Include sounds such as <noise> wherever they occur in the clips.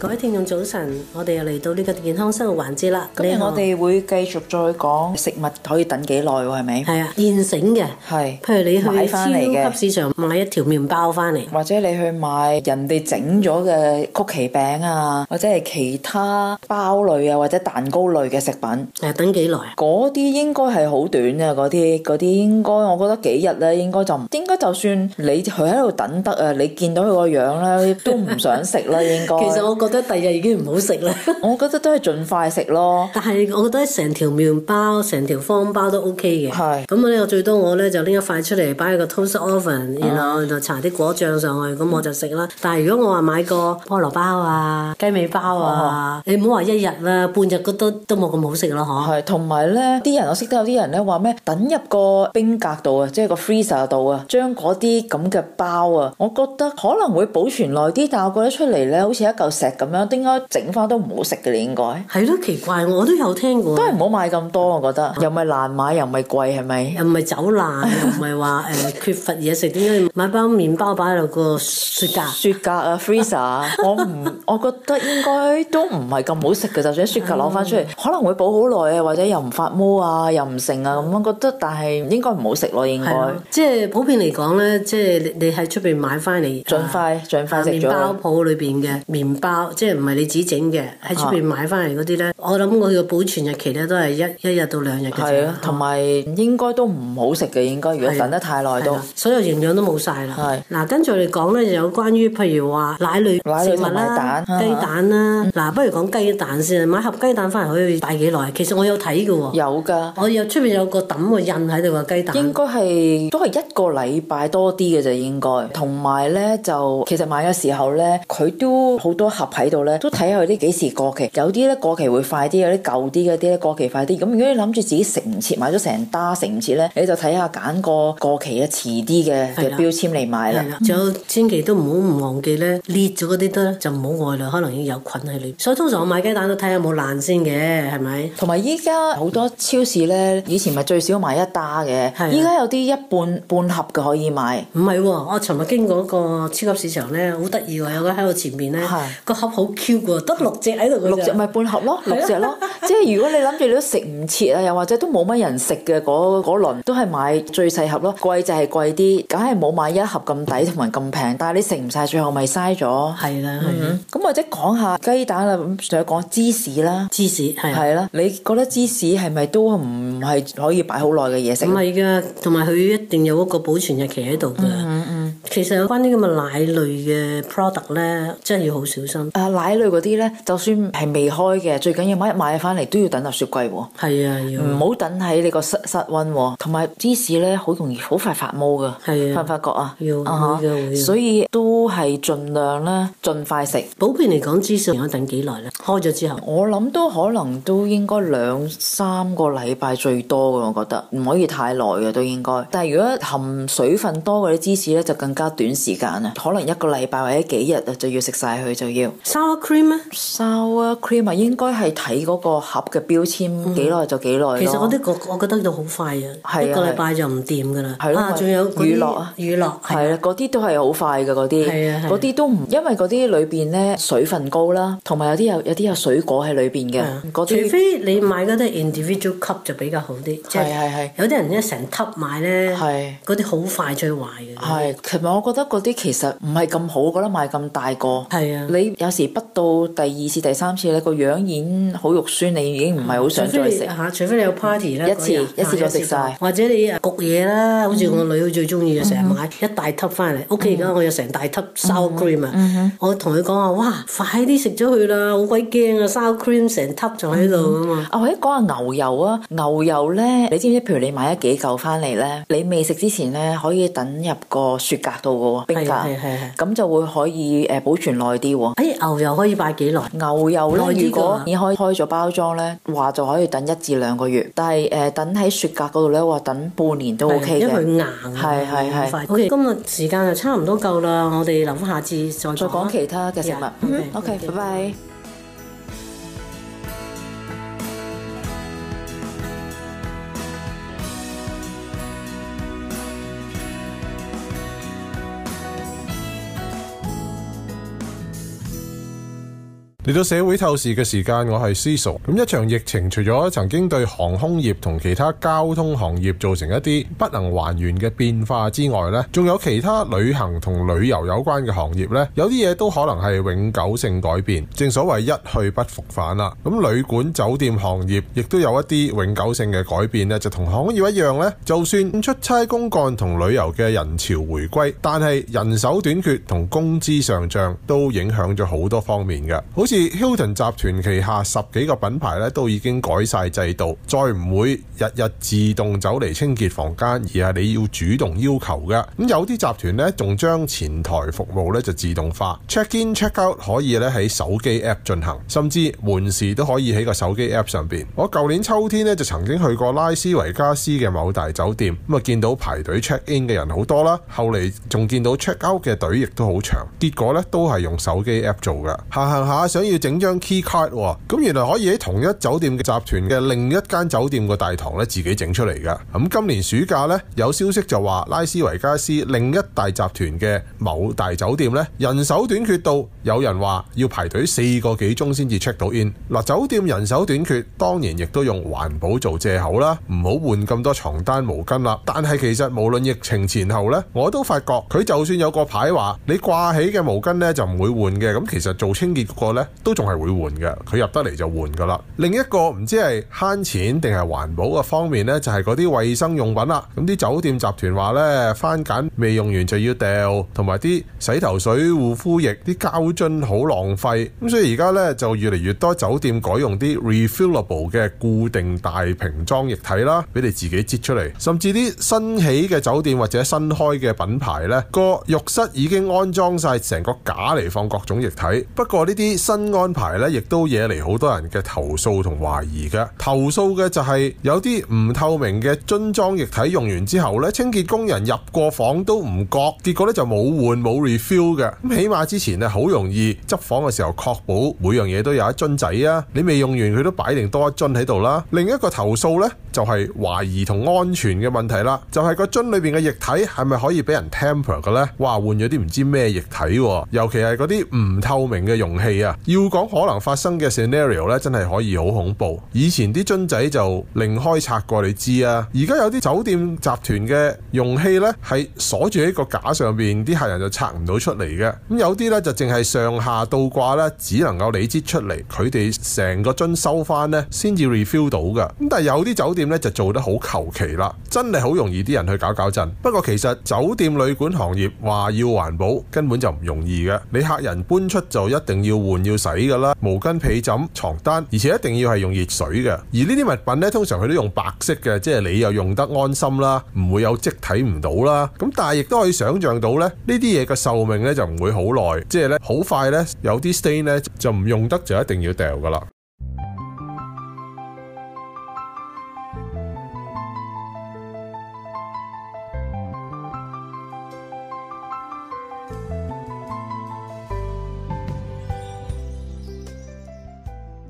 各位聽眾早晨，我哋又嚟到呢個健康生活環節啦。咁我哋會繼續再講食物可以等幾耐喎，係咪？係啊，現成嘅。係。譬如你去買翻嚟嘅。超級市場買一條麵包翻嚟，或者你去買人哋整咗嘅曲奇餅啊，或者係其他包類啊，或者蛋糕類嘅食品。誒，等幾耐？嗰啲應該係好短啊！嗰啲嗰啲應該，我覺得幾日咧，應該就唔應該就算你佢喺度等得啊，你見到佢個樣咧，都唔想食啦，應該。其實我覺。覺得第日已經唔好食啦，我覺得都係盡快食咯。但係我覺得成條麵包、成條方包都 OK 嘅。係咁呢我最多我咧就拎一塊出嚟擺喺個 toaster oven，、嗯、然後就搽啲果醬上去，咁我就食啦。但係如果我話買個菠蘿包啊、雞尾包啊，啊你唔好話一日啦、啊，半日嗰都都冇咁好食咯，嗬。係，同埋咧啲人我識得有啲人咧話咩？等入個冰格度啊，即、就、係、是、個 freezer 度啊，將嗰啲咁嘅包啊，我覺得可能會保存耐啲，但係我覺得出嚟咧好似一嚿石。咁樣點解整翻都唔好食嘅咧？應該係咯，奇怪，我都有聽過。都係唔好買咁多，我覺得又唔係難買，又唔係貴，係咪？又唔係走爛，又唔係話誒缺乏嘢食。點解買包麵包擺喺度個雪格？雪格啊，Freezer。我唔，我覺得應該都唔係咁好食嘅。就算雪格攞翻出嚟，可能會保好耐啊，或者又唔發毛啊，又唔成啊咁樣。覺得但係應該唔好食咯，應該。即係普遍嚟講咧，即係你喺出邊買翻嚟，盡快盡快食咗。麵包鋪裏邊嘅麵包。即係唔係你自己整嘅，喺出邊買翻嚟嗰啲咧，我諗佢嘅保存日期咧都係一一日到兩日嘅。係啊，同埋應該都唔好食嘅，應該如果等得太耐都，所有營養都冇晒啦。係嗱，跟住嚟講咧，就有關於譬如話奶類食物啦、雞蛋啦，嗱，不如講雞蛋先，買盒雞蛋翻嚟可以擺幾耐？其實我有睇㗎喎，有噶，我有出邊有個抌個印喺度嘅雞蛋，應該係都係一個禮拜多啲嘅就應該。同埋咧，就其實買嘅時候咧，佢都好多盒。睇到咧，都睇下佢啲幾時過期，有啲咧過期會快啲，有啲舊啲嗰啲咧過期快啲。咁如果你諗住自己食唔切，買咗成打食唔切咧，你就睇下揀個過期嘅遲啲嘅嘅標籤嚟買啦。仲、嗯、有千祈都唔好唔忘記咧，裂咗嗰啲得就唔好買啦，可能要有菌喺你。所以通常我買雞蛋都睇下有冇爛先嘅，係咪？同埋依家好多超市咧，以前咪最少買一打嘅，依家的有啲一,一半半盒嘅可以買。唔係喎，我尋日經過一個超級市場咧，好得意喎，有個喺我前面咧，的個盒。好 cute 喎，得六隻喺度。六隻咪半盒咯，六隻咯。 <laughs> 即係如果你諗住你都食唔切啊，又或者都冇乜人食嘅嗰輪，都係買最細盒咯。貴就係貴啲，梗係冇買一盒咁抵同埋咁平。但係你食唔晒，最後咪嘥咗。係啦的，咁、嗯、哼或者講下雞蛋啦，咁想講芝士啦，芝士係係啦。你覺得芝士係咪都唔係可以擺好耐嘅嘢食？唔係噶，同埋佢一定有嗰個保存日期喺度㗎。嗯嗯，其實有關啲咁嘅奶類嘅 product 咧，真係要好小心。奶類嗰啲呢，就算係未開嘅，最緊要買一買翻嚟都要等入雪櫃喎、哦。係啊，唔好、啊、等喺你個室室溫。同埋、哦、芝士呢，好容易好快發毛噶，發唔發覺啊，要，所以都係盡量呢，盡快食。普遍嚟講，芝士可以等幾耐呢？開咗之後，我諗都可能都應該兩三個禮拜最多嘅，我覺得唔可以太耐嘅都應該。但係如果含水分多嘅啲芝士呢，就更加短時間啊，可能一個禮拜或者幾日啊，就要食晒佢就要。sour cream 咩？sour cream 啊，應該係睇嗰個盒嘅標籤幾耐就幾耐。其實我啲我覺得都好快啊，一個禮拜就唔掂㗎啦。係咯，仲有乳酪啊，乳酪係啊，嗰啲都係好快㗎嗰啲。係啊，嗰啲都唔因為嗰啲裏邊咧水分高啦，同埋有啲有有啲有水果喺裏邊嘅嗰。除非你買嗰啲 individual cup 就比較好啲。係係係。有啲人咧成 cup 買咧，係嗰啲好快最壞嘅。係，其實我覺得嗰啲其實唔係咁好，覺得買咁大個。係啊，你有時不到第二次、第三次咧，個樣已經好肉酸，你已經唔係好想再食嚇。除非你有 party 咧，一次一次就食晒，或者你焗嘢啦，好似我女最中意嘅，成日買一大粒翻嚟。屋企而家我有成大粒 sour cream 啊，我同佢講話：哇，快啲食咗佢啦，好鬼驚啊！sour cream 成粒仲喺度啊嘛。啊，或者講下牛油啊，牛油咧，你知唔知？譬如你買咗幾嚿翻嚟咧，你未食之前咧，可以等入個雪格度嘅喎，冰格，咁就會可以誒保存耐啲。哎牛油可以擺幾耐？牛油咧，如果你開開咗包裝咧，話就可以等一至兩個月。但係誒、呃，等喺雪格嗰度咧，話等半年都 OK 嘅，因為佢硬啊嘛。係係係。好嘅快，okay, 今日時間就差唔多夠啦。我哋留下次再再講其他嘅食物。嗯。Yeah, OK，拜拜。嚟到社會透視嘅時間，我係思熟。咁一場疫情，除咗曾經對航空業同其他交通行業造成一啲不能還原嘅變化之外呢，仲有其他旅行同旅遊有關嘅行業呢，有啲嘢都可能係永久性改變。正所謂一去不復返啦。咁旅館酒店行業亦都有一啲永久性嘅改變呢，就同航空業一樣呢，就算出差公幹同旅遊嘅人潮回歸，但係人手短缺同工資上漲都影響咗好多方面嘅，好似。Hilton 集團旗下十幾個品牌咧都已經改晒制度，再唔會日日自動走嚟清潔房間，而係你要主動要求㗎。咁有啲集團咧仲將前台服務咧就自動化，check in check out 可以咧喺手機 app 進行，甚至門市都可以喺個手機 app 上邊。我舊年秋天咧就曾經去過拉斯維加斯嘅某大酒店，咁啊見到排隊 check in 嘅人好多啦，後嚟仲見到 check out 嘅隊亦都好長，結果咧都係用手機 app 做㗎。行行下想要整張 keycard 喎、哦，咁原來可以喺同一酒店嘅集團嘅另一間酒店個大堂呢自己整出嚟㗎。咁、嗯、今年暑假呢，有消息就話拉斯維加斯另一大集團嘅某大酒店呢，人手短缺到，有人話要排隊四個幾鐘先至 check 到 in。嗱、嗯，酒店人手短缺，當然亦都用環保做借口啦，唔好換咁多床單毛巾啦。但係其實無論疫情前後呢，我都發覺佢就算有個牌話你掛起嘅毛巾呢就唔會換嘅，咁、嗯、其實做清潔嗰個呢。都仲係會換嘅，佢入得嚟就換噶啦。另一個唔知係慳錢定係環保嘅方面呢，就係嗰啲衛生用品啦。咁啲酒店集團話呢，番梘未用完就要掉，同埋啲洗頭水、護膚液、啲膠樽好浪費。咁所以而家呢，就越嚟越多酒店改用啲 refillable 嘅固定大瓶裝液體啦，俾你自己擠出嚟。甚至啲新起嘅酒店或者新開嘅品牌呢，個浴室已經安裝晒成個架嚟放各種液體。不過呢啲新安排咧，亦都惹嚟好多人嘅投訴同懷疑噶。投訴嘅就係有啲唔透明嘅樽裝液體用完之後咧，清潔工人入過房都唔覺，結果咧就冇換冇 refill 嘅。咁起碼之前咧好容易執房嘅時候，確保每樣嘢都有一樽仔啊。你未用完佢都擺定多一樽喺度啦。另一個投訴呢，就係懷疑同安全嘅問題啦，就係個樽裏邊嘅液體係咪可以俾人 temper 嘅呢？哇，換咗啲唔知咩液體，尤其係嗰啲唔透明嘅容器啊！要講可能發生嘅 scenario 咧，真係可以好恐怖。以前啲樽仔就另開拆過你知啊，而家有啲酒店集團嘅容器呢，係鎖住喺個架上面，啲客人就拆唔到出嚟嘅。咁有啲呢，就淨係上下倒掛呢，只能夠理接出嚟。佢哋成個樽收翻呢先至 refill 到嘅。咁但係有啲酒店呢，就做得好求其啦，真係好容易啲人去搞搞震。不過其實酒店旅館行業話要環保根本就唔容易嘅，你客人搬出就一定要換要洗噶啦，毛巾、被枕、床單，而且一定要係用熱水嘅。而呢啲物品呢，通常佢都用白色嘅，即係你又用得安心啦，唔會有即睇唔到啦。咁但係亦都可以想象到呢，呢啲嘢嘅壽命呢就唔會好耐，即係呢好快呢，有啲 stain 呢就唔用得，就一定要掉噶啦。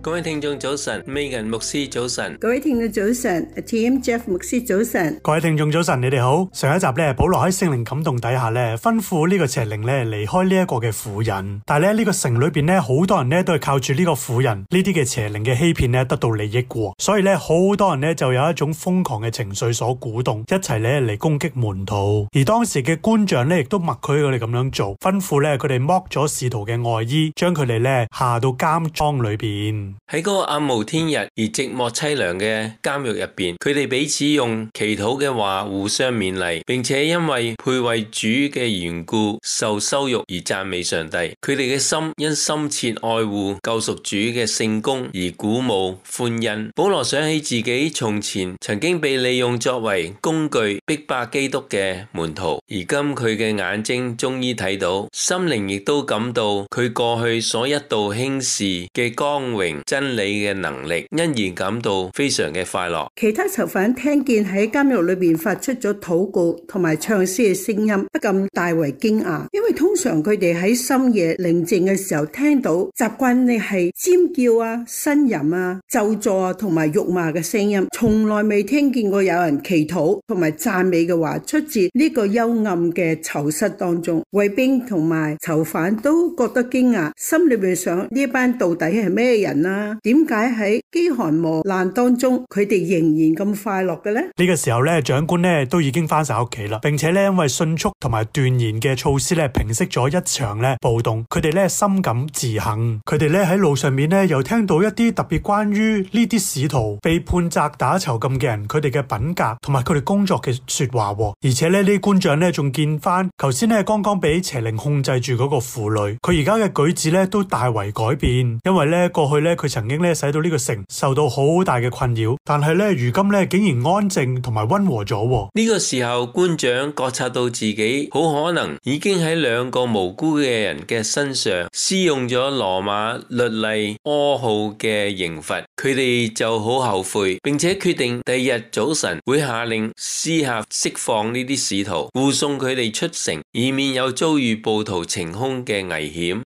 各位聽眾早晨，美根牧師早晨，各位聽眾早晨 t m Jeff 牧師早晨，早晨各位聽眾早晨，你哋好。上一集咧，保羅喺聖靈感動底下咧，吩咐呢個邪靈咧離開呢一個嘅婦人。但係咧呢、這個城裏邊咧，好多人咧都係靠住呢個婦人呢啲嘅邪靈嘅欺騙咧得到利益嘅，所以咧好多人咧就有一種瘋狂嘅情緒所鼓動，一齊咧嚟攻擊門徒。而當時嘅官長咧，亦都默許佢哋咁樣做，吩咐咧佢哋剝咗使徒嘅外衣，將佢哋咧下到監倉裏邊。喺嗰個暗無天日而寂寞淒涼嘅監獄入邊，佢哋彼此用祈禱嘅話互相勉勵，並且因為配為主嘅緣故受羞辱而讚美上帝。佢哋嘅心因深切愛護救贖主嘅聖功而鼓舞歡欣。保羅想起自己從前曾經被利用作為工具逼迫基督嘅門徒，而今佢嘅眼睛終於睇到，心靈亦都感到佢過去所一度輕視嘅光榮。真理嘅能力，因而感到非常嘅快樂。其他囚犯聽見喺監獄裏邊發出咗禱告同埋唱詩嘅聲音，不禁大為驚訝。因為通常佢哋喺深夜寧靜嘅時候聽到，習慣你係尖叫啊、呻吟啊、咒詛啊同埋辱罵嘅聲音，從來未聽見過有人祈禱同埋讚美嘅話出自呢個幽暗嘅囚室當中。衛兵同埋囚犯都覺得驚訝，心裏邊想呢班到底係咩人呢？啊？點解喺飢寒磨難當中，佢哋仍然咁快樂嘅呢？呢個時候咧，長官咧都已經翻晒屋企啦，並且咧因為迅速同埋斷言嘅措施咧，平息咗一場咧暴動。佢哋咧深感自幸。佢哋咧喺路上面咧又聽到一啲特別關於呢啲使徒被判責打囚禁嘅人，佢哋嘅品格同埋佢哋工作嘅說話。而且咧，呢啲官長咧仲見翻頭先咧剛剛俾邪靈控制住嗰個婦女，佢而家嘅舉止咧都大為改變，因為咧過去咧。佢曾經咧使到呢個城受到好大嘅困擾，但係咧如今咧竟然安靜同埋溫和咗。呢個時候官長覺察到自己好可能已經喺兩個無辜嘅人嘅身上施用咗羅馬律例苛酷嘅刑罰，佢哋就好後悔，並且決定第二日早晨會下令私下釋放呢啲使徒，護送佢哋出城，以免有遭遇暴徒逞兇嘅危險。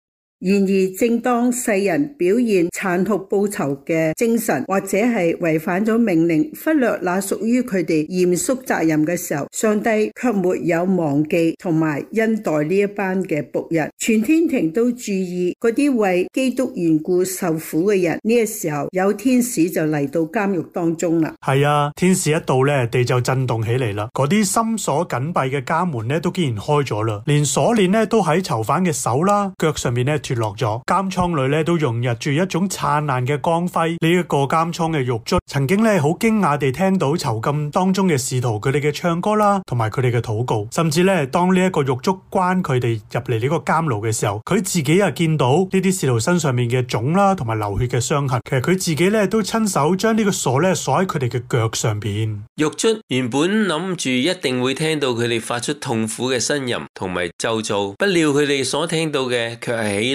然而，正當世人表現殘酷報仇嘅精神，或者係違反咗命令，忽略那屬於佢哋嚴肅責任嘅時候，上帝卻沒有忘記同埋恩待呢一班嘅僕人。全天庭都注意嗰啲為基督緣故受苦嘅人。呢、這個時候，有天使就嚟到監獄當中啦。係啊，天使一到呢，地就震動起嚟啦。嗰啲深鎖緊閉嘅家門呢，都竟然開咗啦，連鎖鏈呢，都喺囚犯嘅手啦、腳上面呢。落咗監倉裏咧，都融入住一種燦爛嘅光輝。呢、這、一個監倉嘅獄卒曾經咧好驚訝地聽到囚禁當中嘅使徒佢哋嘅唱歌啦，同埋佢哋嘅禱告，甚至咧當呢一個獄卒關佢哋入嚟呢個監牢嘅時候，佢自己又見到呢啲使徒身上面嘅腫啦，同埋流血嘅傷痕。其實佢自己咧都親手將呢個鎖咧鎖喺佢哋嘅腳上邊。獄卒原本諗住一定會聽到佢哋發出痛苦嘅呻吟同埋咒詛，就做不料佢哋所聽到嘅卻係喜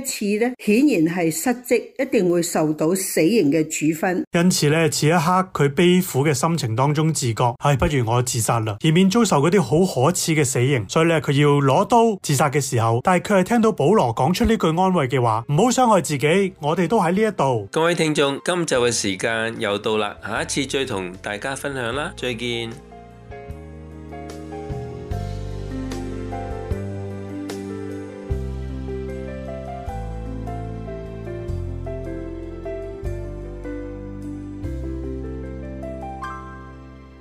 一次咧，顯然係失職，一定會受到死刑嘅處分。因此咧，此一刻佢悲苦嘅心情當中自覺，係、哎、不如我自殺啦，以免遭受嗰啲好可恥嘅死刑。所以咧，佢要攞刀自殺嘅時候，但係佢係聽到保羅講出呢句安慰嘅話：唔好傷害自己，我哋都喺呢一度。各位聽眾，今集嘅時間又到啦，下一次再同大家分享啦，再見。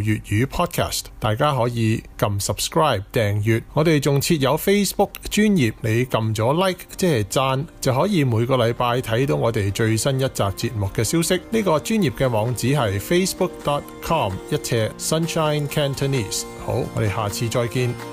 粵語 podcast，大家可以撳 subscribe 訂閱。我哋仲設有 Facebook 專頁，你撳咗 like 即係讚，就可以每個禮拜睇到我哋最新一集節目嘅消息。呢、這個專頁嘅網址係 facebook.com 一尺 Sunshine Cantonese。好，我哋下次再見。